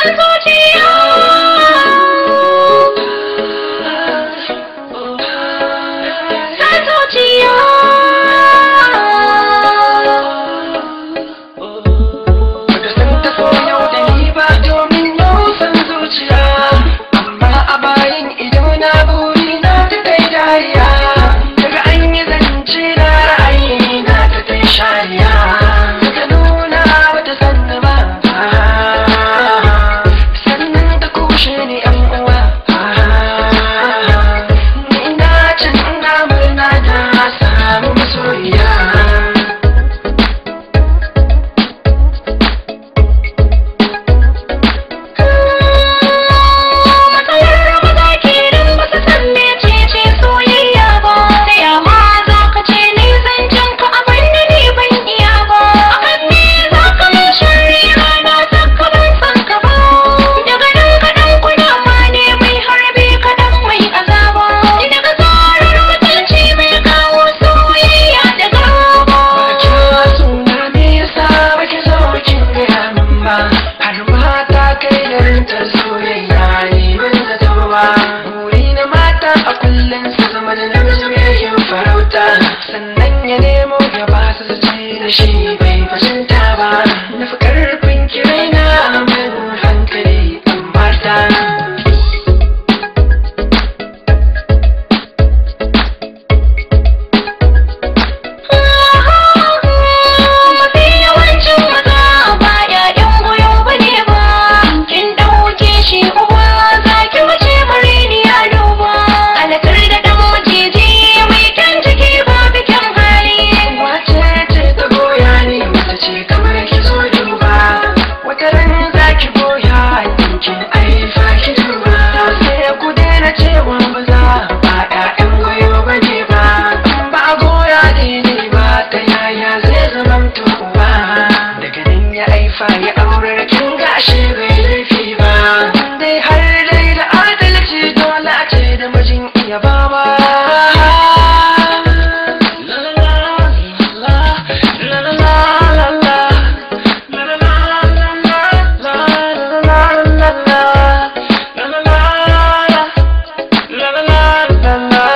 三足金羊。Santos. Baba. La la la la la. La la la la la. La la la la la. La la la la la. La la la la la